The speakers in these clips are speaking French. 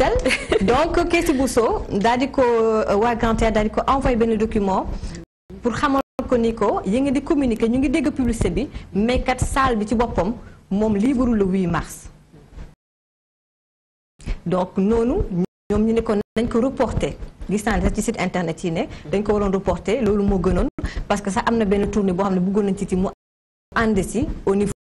donc nous, Bousso nous, wa nous, envoyé document pour nous, ko ni nous, di communiquer ngi nous, mais kat salles bi ci pomme nous, le 8 mars donc nous nous nous, ne nous, nous, reporté nous, site internet nous nous parce que ça nous, nous, tournée au niveau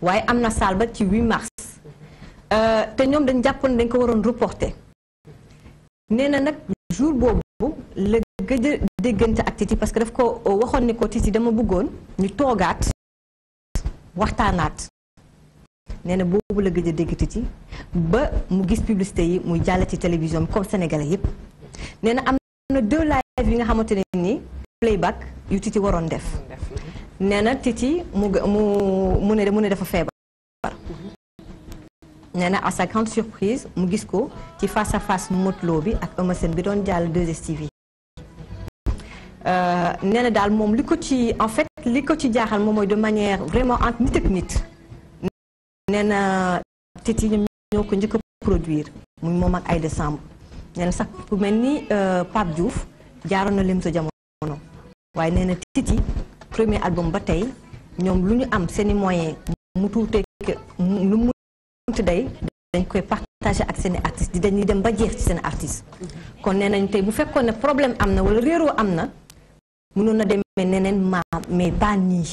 waaye am na salle ba ci 8 mars euh, te ñoom dañ jàppoon dañ ko waroon reporter nee na nag jour boobu la gëj déggante ak Titi parce que daf ko euh, waxoon ni ko Titi dama bëggoon ñu toogaat waxtaanaat nee na boobu la gëj dégg Titi ba mu gis publicité yi muy jàll ci télévision comme sénégalais yépp nee na am na deux yi nga xamante ne nii playback yu Titi waroon def nee Titi mu mu mu ne mu ne dafa feebar. nee na à sa grande surprise mu gis ko ci face à face Modou bi ak Eumeu Sène bi don dial 2STV euh nee dal mom liko ci en fait liko ci jaxal moom mooy de manière vraiment entre nit ak nit. nee Titi ñu ñoo ko njëkk produire muy mom ak ay décembre nee sax ku melni euh Pape Diouf jaaroon na lim sa jamono waaye nee Titi. premier album ba tey ñoom lu ñu am seen i moyen mu tuutee lu mu munti day dañ koy partagé ak seen i artistes di dañuy dem ba jeex ci seen artiste kon nee nañ tey bu fekkoon ne problème am na wala réeroo am na mënoon na demee neneen ma mais pas nii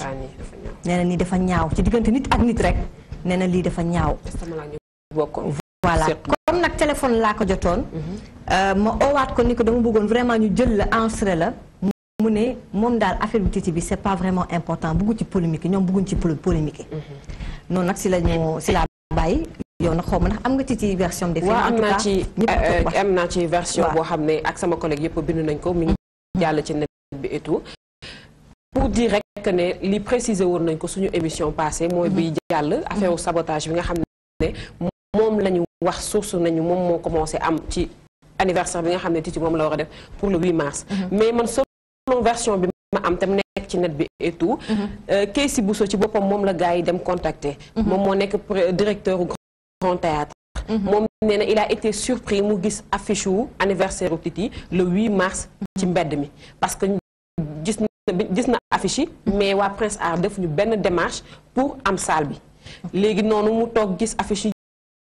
nee na nii dafa ñaaw ci diggante nit ak nit rek nee na lii dafa ñaaw voilà comme nag téléphone laa ko jotoon mhm. euh, ma oowaat ko ni ko dama bëggoon vraiment ñu jël la enregistré la mu ne affaire c'est pas vraiment important beaucoup de polémique il y a polémique. de mhm. polémiques. si la si la polémiques. Il a version. de polémiques. Euh, version y xamné collègue nañ ko. mi mhm. ci et tout. pour dire que polémiques. li préciser won nañ ko suñu émission passée a mhm. bi sabotage bi nga xamné polémiques. wax commencé am ci anniversaire bi nga a titi la pour le 8 mars. mais man version bi ma am tam nek ci net bi et tout Keysi mhm. euh, Bousso ci bopam mom la gars dem contacter mom mhm. mo nek directeur grand théâtre mom mhm. néna il a été surpris mu gis affiche anniversaire au Titi le 8 mars ci mbedd mi parce que gis na gis na affiche mais wa Prince Art def ñu ben démarche pour am salle bi légui noonu mu tok gis affiche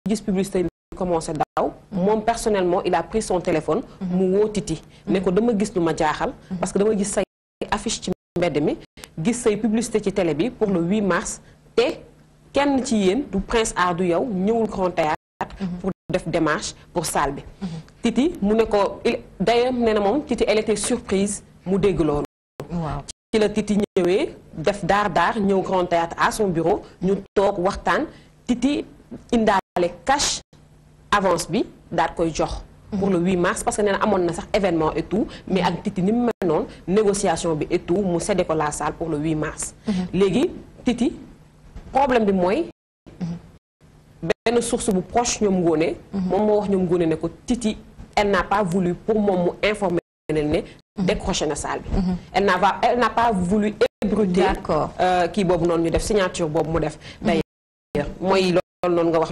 gis publicité bi commencé daw moi, personnellement il a pris son téléphone mouo mhm. Titi mais ko dama gis lu ma mhm. parce que dama gis say affiche ci mbedd mi gis say publicité qui télé pour le 8 mars et kenn ci du prince aar du yow Grand Théâtre mhm. pour def démarche pour salle Titi mu d'ailleurs néanmoins Titi elle était surprise mu dégg il waaw la Titi ñëwee def d'ar dar ñëw Grand Théâtre à son bureau ñu toog wartan Titi indaale cash avance bi d'accord jox. pour le 8 mars parce que nee na amoon na sax événement et tout mais ak Titi ni mu négociation bi et tout mu cédé ko la salle pour le 8 mars. légui Titi problème bi mooy. ben source bu proche ñom ngone mom mo wax ñom ngone ne ko Titi elle n'a pas voulu pour mom mu informer leen ne. décroché na salle bi. elle n'a pas elle n'a pas voulu ébruter qui euh, kii boobu noonu ñu def signature bobu mu def. d'ailleurs moy lool non nga wax.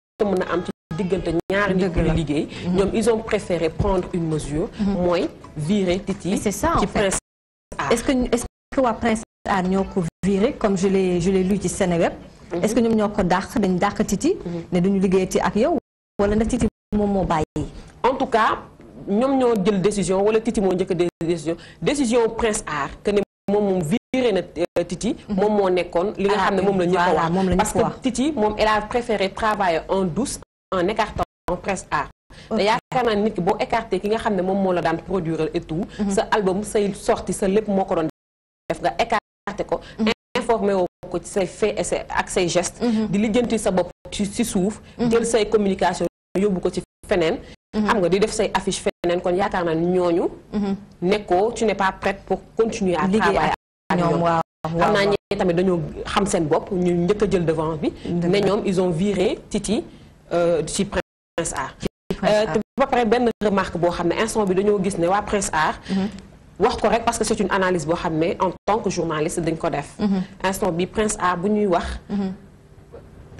mën a am ci diggante ñaari nit ñu liggéey mhm. ñoom ils ont préféré prendre une mesure moy mhm. virer Titi c'est ça ci presse est-ce que est-ce que waa Prince Art ñoko ko viré comme je l'ai je l'ai lu ci Seneweb mhm. est-ce que ñom ñoko ko dañ dakh Titi ne duñu ci ak yow wala ndax Titi moom mo bàyyi en tout cas ñom ñoo jël décision wala Titi moo njëkk décision décision Prince Art que moom moom viré euh, Titi. moom moo nekkoon li nga ah, xam ne moom la ñëpp wax parce que Titi moom elle a préféré travailler en douce en écartant en presse art te yaakaar naa nit ki écarté ki nga xam ne moom la daan produire et tout ce mhm. album say sorti sa lépp moo ko doon def nga écarté ko mhm. informé woo ko ci say fait et ses ak say geste mhm. di lijjanti sa bopp ci ci suuf jël say communication yóbbu ko ci feneen xam nga di def say affiche feneen kon yaakaar naa ñooñu. Mhm. ko tu n'es pas prête pour continuer à travailler ak ñoom waaw xam tamit dañoo xam seen bopp ñu njëkk a jël devant bi. ne ñoom ils ont viré Titi euh, ci Prince Art. Euh, te ba pare benn remarque boo xam ne instant bi dañoo gis ne waa Prince Art. Mhm. wax ko rek parce que c'est une analyse boo xam en tant que journaliste dañ ko def. Mhm. instant bi Prince Art bu ñuy wax.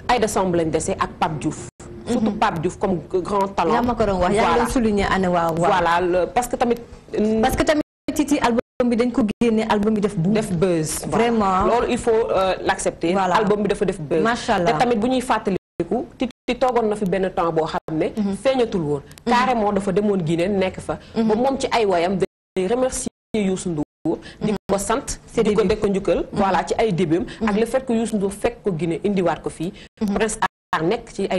Aïda Samb lañ dese ak Pape Diouf. surtout mhm. Pape Diouf comme grand talent. yaa ma ko doon wax yaa ngi doon souligner ana waaw voilà parce que tamit. Euh, parce que tamit Titi album bi dañ ko génne album bi def. def buzz vraiment loolu il faut euh, l'accepter. album bi dafa def buzz. macha allah tamit bu ñuy fàttaliku Titi togon na fi ben temps bo xam ne. Mhm. feeñatul woon. Mhm. carrément dafa demone guiné nek fa. bo mom ci ay wayam day remercier Youssou Ndour. di sante c'est diko ko dekk njukkal voilà ci ay débém ak le fait que Youssou Ndour fek ko indi wat ko fi Prince Arts nek ci ay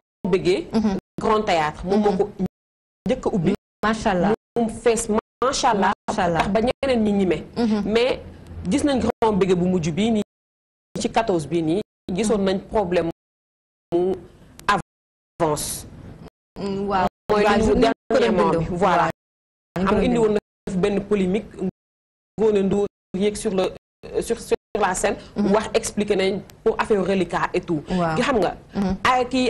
bégué, mhm. grand théâtre moom moo ko mhm. njëkk a machallah, macha allah moom fees macha allah. tax ba ñeneen ñi ñime. Mhm. mais gis nañ grand bégué, bu mujj bii nii ci 14 bii nii gisoon nañ problème mu avance. Mm, voilà, mooy li voilà. am indi woon na def polémique Ngoné Ndour yéeg sur le euh, sur sur la scène. wax expliqué nañ pour affaire reliquat et tout. waaw xam nga. ay kii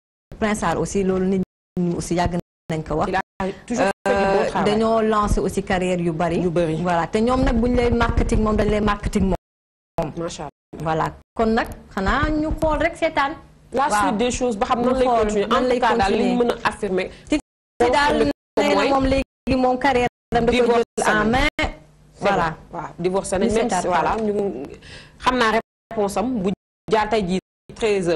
Prince aussi loolu nit ñi aussi yàgg nañ ko wax. Euh, dañoo lancé aussi carrière yu bari. voilà té ñom nak buñ lay marketing mom dañ lay marketing moom. macha allah voilà kon nak xana ñu xol rek sétane la suite des choses ba xam nan lay continuer en tout cas daal li ñu affirmer. ci daal nee na mom légui mom carrière am da ko jël en main. voilà waaw divorcé nañ même voilà ñu xamna réponse am bu jaar tay ji 13h.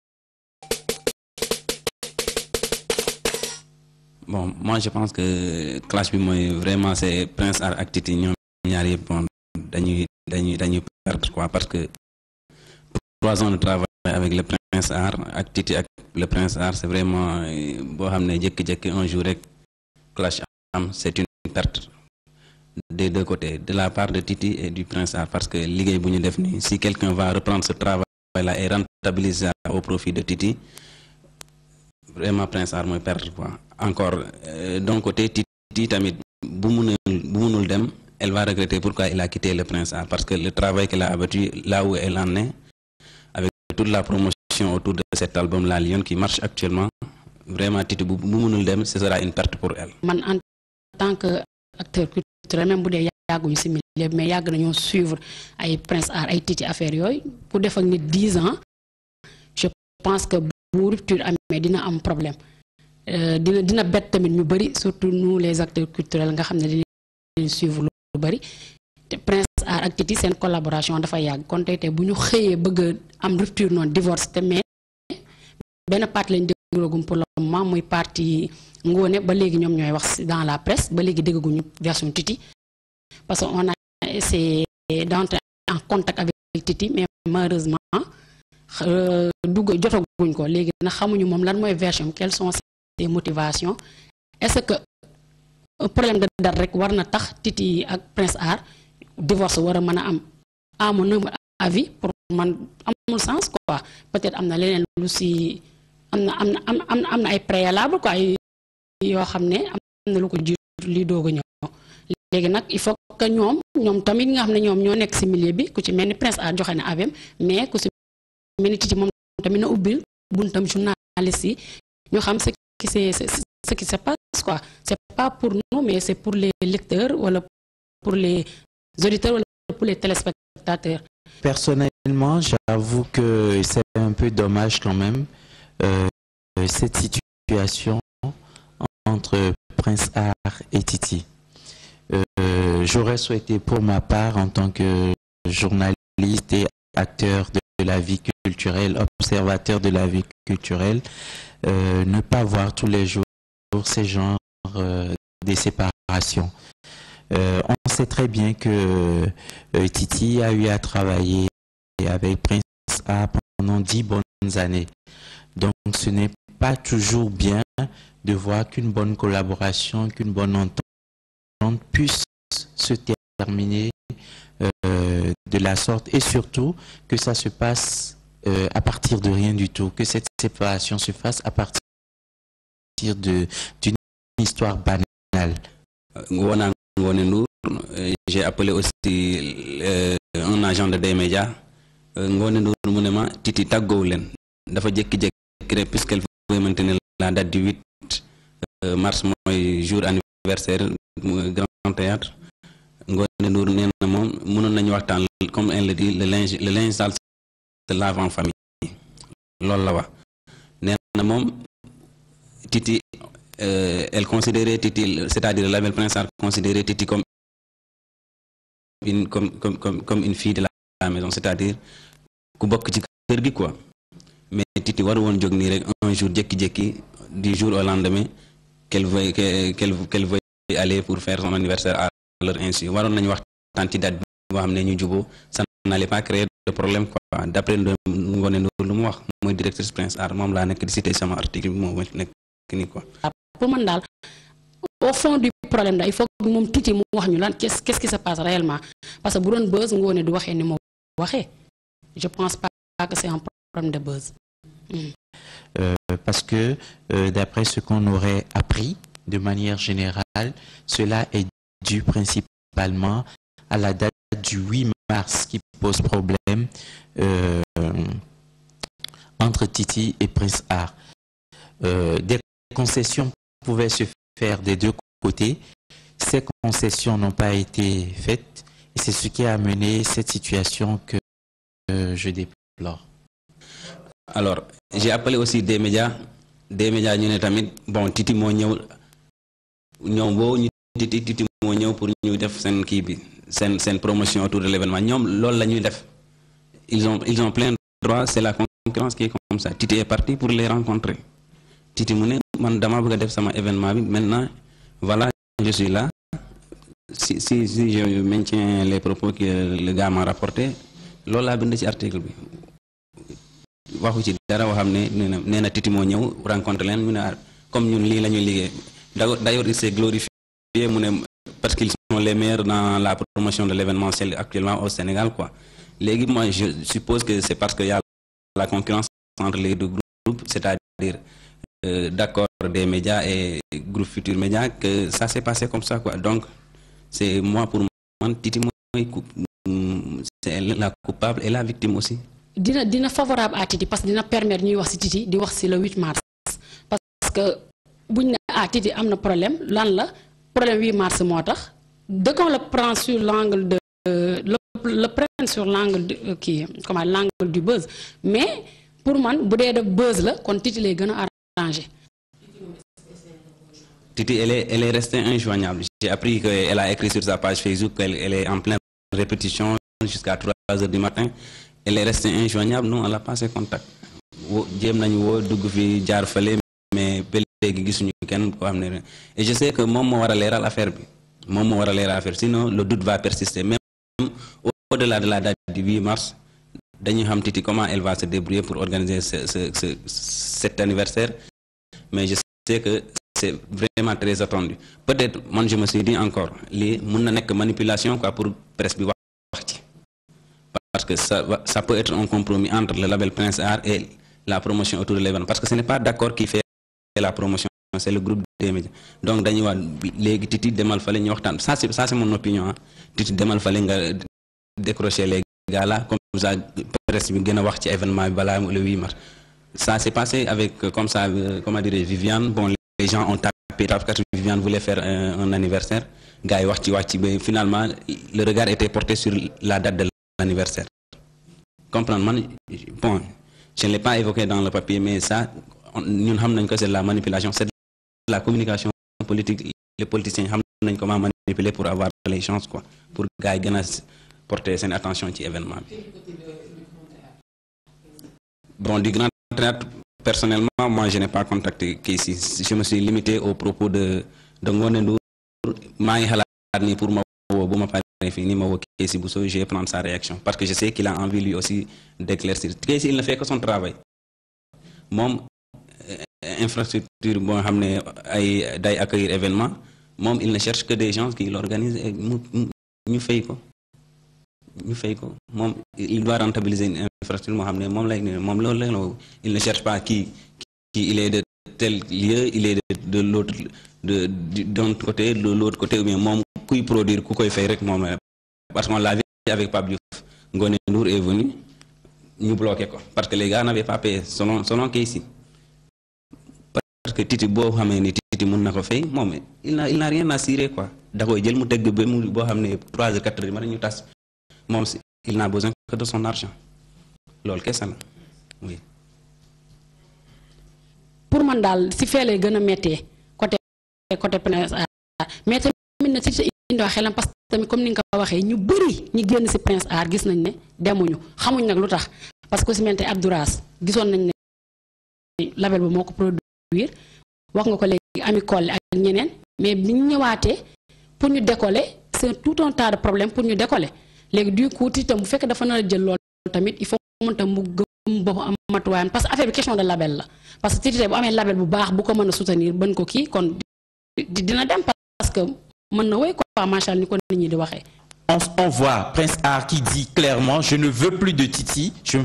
bon moi je pense que clash bi vraiment c'est Prince Art Actiti Titi ñaar yépp dañuy perdre parce que trois ans de travail avec le Prince Art actiti le Prince Art c'est vraiment euh, bo xamné ne jékki un jour rek clash am c'est une perte des deux côtés de la part de Titi et du Prince Art parce que liggéey bu ñu def si quelqu'un va reprendre ce travail là et rentabiliser au profit de Titi vraiment Prince Art mooy perdre quoi encore euh, d'un côté Titi tamit bu dem elle va regretter pourquoi il a quitté le Prince Art parce que le travail qu'elle a abattu là où elle en est avec toute la promotion autour de cet album La Lyon, qui marche actuellement vraiment Titi bu dem ce sera une perte pour elle. man en tant que acteur culturel même bu dee yàgguñu si milieu mais yàgg nañoo suivre ay Prince Art ay Titi affaire pour def ak ans je pense que rupture amé dina am problème euh, dina dina a tamit ñu surtout nous les acteurs culturels nga xamné dina suivre Prince Art ak Titi collaboration dafa yag kon bëgg am rupture non divorce te mais ben lañ pour le moment parti Ngone ba légui ñom dans la presse ba Titi parce qu'on a essayé d'entrer en contact avec Titi mais malheureusement Euh, dugg jotaguñ ko léegi nag xamuñu moom lan mooy version quelles sont ses motivation est-ce que problème de date rek war na tax Titi ak Prince Art divorce war a mën a am à mon avis pour man amul sens quoi peut-être am na leneen lu si am na am na am na am na ay préalable quoi yoo xam ne am na lu ko jiitu lii doog a ñëw léegi nag il faut que ñoom ñoom tamit nga xam ne ñoom ñoo nekk si milieu bi ku ci mel ni Prince Art joxe na avem mais ku si journaliste ce qui se ce qui se passe quoi c'est pas pour nous mais c'est pour les lecteurs pour les auditeurs pour les téléspectateurs. Personnellement, j'avoue que c'est un peu dommage quand même euh, cette situation entre Prince Art et Titi. Euh, j'aurais souhaité pour ma part en tant que journaliste et acteur de de la vie culturelle, observateur de la vie culturelle, euh, ne pas voir tous les jours ces genres euh, de séparation. Euh, on sait très bien que Titi a eu à travailler avec Prince A pendant dix bonnes années. Donc ce n'est pas toujours bien de voir qu'une bonne collaboration, qu'une bonne entente puisse se terminer de la sorte et surtout que ça se passe euh, à partir de rien du tout, que cette séparation se fasse à partir d'une histoire banale. J'ai appelé aussi euh, un agent de des médias. Euh, Titi Tagoulen, puisqu'elle voulait maintenir la date du 8 euh, mars, jour anniversaire, grand théâtre mënoon nañu waxtaan comme elle le dit le linge le linge sale se lave en famille lool la wax néna mom titi Titi euh, elle considérait Titi c'est-à-dire la belle princesse considérait Titi comme une comme comme comme une fille de la maison c'est-à-dire ku bok ci kër gi quoi mais Titi war won on ni rek un jour jékki-jékki du jour au lendemain qu'elle veut qu'elle qu'elle veuille aller pour faire son anniversaire à leur insu waron nañ wax ci date ça n'allait pas créer de problème quoi d'après nous, on lu mu wax mooy directrice Prince Art moom laa nekk di cité son article mon moo quoi. pour moi, au fond du problème il faut que nous tuuti mu wax ñu qu'est-ce qui se passe réellement parce que bu de buzz nous du waxee ni moo waxee je pense pas que c'est un problème de buzz. Hmm. Euh, parce que euh, d'après ce qu'on aurait appris de manière générale, cela est dû principalement à la date du 8 mars qui pose problème euh, entre Titi et Prince Art. Euh, des concessions pouvaient se faire des deux côtés. Ces concessions n'ont pas été faites et c'est ce qui a amené cette situation que euh, je déplore. Alors, j'ai appelé aussi des médias. Des médias, bon, Titi, di di di moo pour ñu def sen ki bi sen sen promotion autour de l'événement ñom lool la ñuy def ils ont ils ont plein droit c'est la concurrence qui est comme ça Titi est parti pour les rencontrer Titi mu ne man dama bëgg def sama événement bi maintenant voilà je suis là si si si je maintiens les propos que le gars m'a rapporté lool la bind ci article bi waxu ci dara waxam ne nee na nee na Titi moo ñëw rencontre leen mu ah, comme ñun li lañuy liggé liggéey d'ailleurs il s'est glorifié parce qu'ils sont les meilleurs dans la promotion de l'événement actuellement au Sénégal. Quoi. les moi, je suppose que c'est parce qu'il y a la concurrence entre les deux groupes, c'est-à-dire euh, d'accord des médias et groupe Futur médias que ça s'est passé comme ça. Quoi. Donc, c'est moi pour moi, Titi c'est la coupable et la victime aussi. dina favorable à Titi parce que dina permet wax Titi le 8 mars parce que si ah, Titi a problème lan le 8 mars le prend sur l'angle de le, le prend sur l'angle qui, euh, l'angle du buzz mais pour moi, bu de buzz la Titi a arrangé. Titi elle est restée injoignable j'ai appris qu'elle a écrit sur sa page Facebook qu'elle est en pleine répétition jusqu'à 3 heures du matin elle est restée injoignable nous on n'a pas ses contacts et je sais que mon sinon le doute va persister même au delà de la date du 8 mars comment elle va se débrouiller pour organiser cet anniversaire mais je sais que c'est vraiment très attendu peut-être moi je me suis dit encore les mën manipulation quoi pour presse parce que ça ça peut être un compromis entre le label Prince Art et la promotion autour de l'événement parce que ce n'est pas d'accord qui fait la promotion c'est le groupe des médias donc dañuy wax les titi demal fale ñu waxtaan ça c'est ça c'est mon opinion hein. titres de demal fale nga décrocher les gars là comme ça presse bi gën a wax ci événement bi le 8 mars ça s'est passé avec euh, comme ça euh, comment dire, Viviane bon les gens ont tapé parce que Viviane voulait faire un, anniversaire gars yi wax mais finalement le regard était porté sur la date de l'anniversaire comprendre man bon je ne l'ai pas évoqué dans le papier mais ça nous savons que ko c'est la manipulation c'est la communication politique les politiciens savent comment manipuler pour avoir les chances quoi pour gars porter une attention ci événement bon du grand théâtre personnellement moi je n'ai pas contacté Kessi. je me suis limité aux propos de de pour ma je vais prendre sa réaction parce que je sais qu'il a envie lui aussi d'éclaircir Kessi, il ne fait que son travail infrastructure bon, xamné day accueillir événement Mom il ne cherche que des gens qui l'organisent ñu fay il doit rentabiliser une infrastructure ne lay mom il ne cherche pas qui qui il est de tel lieu il est de l'autre de d'un côté de l'autre côté ou bien kuy produire ku koy fay rek parce que l'a vie avec Pablo Ngoné est venu ñu bloquer ko parce que les gars n'avaient pas payé selon selon ici parce que titi bo xamé ni titi mën na ko fay moom il n'a il n'a rien à cirer quoi da koy jël mu dégg ba bo xamné 3h trois heures quatre heures yi mën si il n'a besoin que de son argent loolu kese la oui. pour man dal si félé gëna gën côté côté Prince Art ah, mais tamit na si sa indi xelam parce que comme ni nga waxé ñu bëri ñu gën ci Prince Art gis nañ né demuñu xamuñ nak lutax parce que si menté ne Abdouras gisoon nañ né label bi moko ko produit biir wax nga ko léegi Ami Collé ak ñeneen mais bi ñu pour ñu décoller c'est tout un tas de problèmes pour ñu décoller Les du coup itam bu fekk dafa na jël lool tamit il faut moom tam mu gëm bo am parce que affaire bi question de label la parce que Tite bu amé label bu baax bu ko mëna soutenir. soutenir bën ko ki kon dina dem parce que mën na quoi macha allah ni ko nit ñi di waxé. on voit Prince Art qui dit clairement je ne veux plus de Titi je ne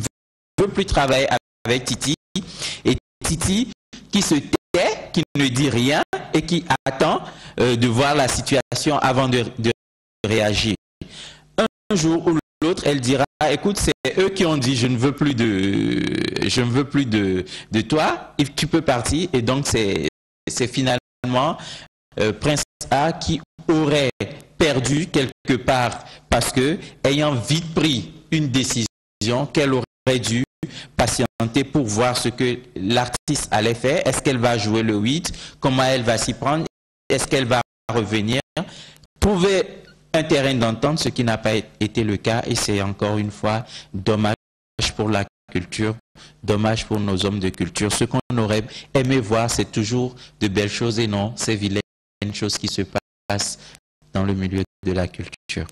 veux plus travailler avec Titi et Titi qui se tait, qui ne dit rien et qui attend euh, de voir la situation avant de, réagir. Un jour ou l'autre, elle dira, écoute, c'est eux qui ont dit, je ne veux plus de, je ne veux plus de, toi, et tu peux partir. Et donc, c'est finalement Princesse euh, Prince A qui aurait perdu quelque part parce que, ayant vite pris une décision qu'elle aurait dû patienter pour voir ce que l'artiste allait faire. Est-ce qu'elle va jouer le 8 Comment elle va s'y prendre Est-ce qu'elle va revenir Trouver un terrain d'entente, ce qui n'a pas été le cas. Et c'est encore une fois dommage pour la culture, dommage pour nos hommes de culture. Ce qu'on aurait aimé voir, c'est toujours de belles choses et non c'est vilaines choses qui se passent dans le milieu de la culture.